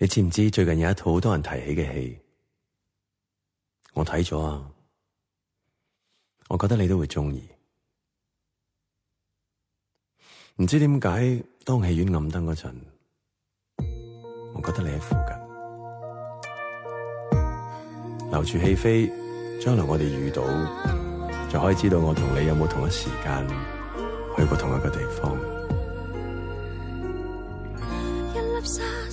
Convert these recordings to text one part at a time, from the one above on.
你知唔知最近有一套好多人提起嘅戲？我睇咗啊，我覺得你都會中意。唔知點解當戲院暗燈嗰陣，我覺得你喺附近留住戲飛，將來我哋遇到就可以知道我同你有冇同一時間去過同一個地方。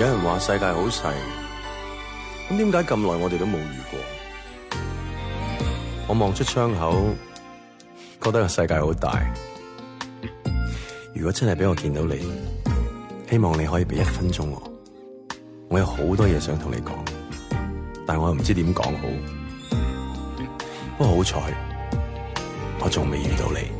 有人話世界好細，咁點解咁耐我哋都冇遇過？我望出窗口，覺得個世界好大。如果真係俾我見到你，希望你可以俾一分鐘我，我有好多嘢想同你講，但我又唔知點講好。不過好彩，我仲未遇到你。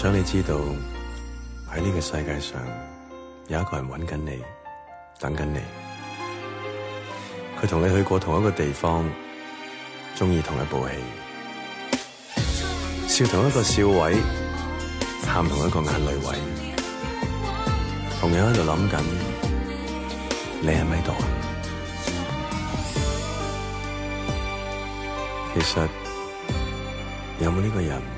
想你知道喺呢個世界上有一個人揾緊你，等緊你。佢同你去過同一個地方，鍾意同一部戲，笑同一個笑位，喊同一個眼淚位，同樣喺度諗緊你喺唔喺度？其實有冇呢個人？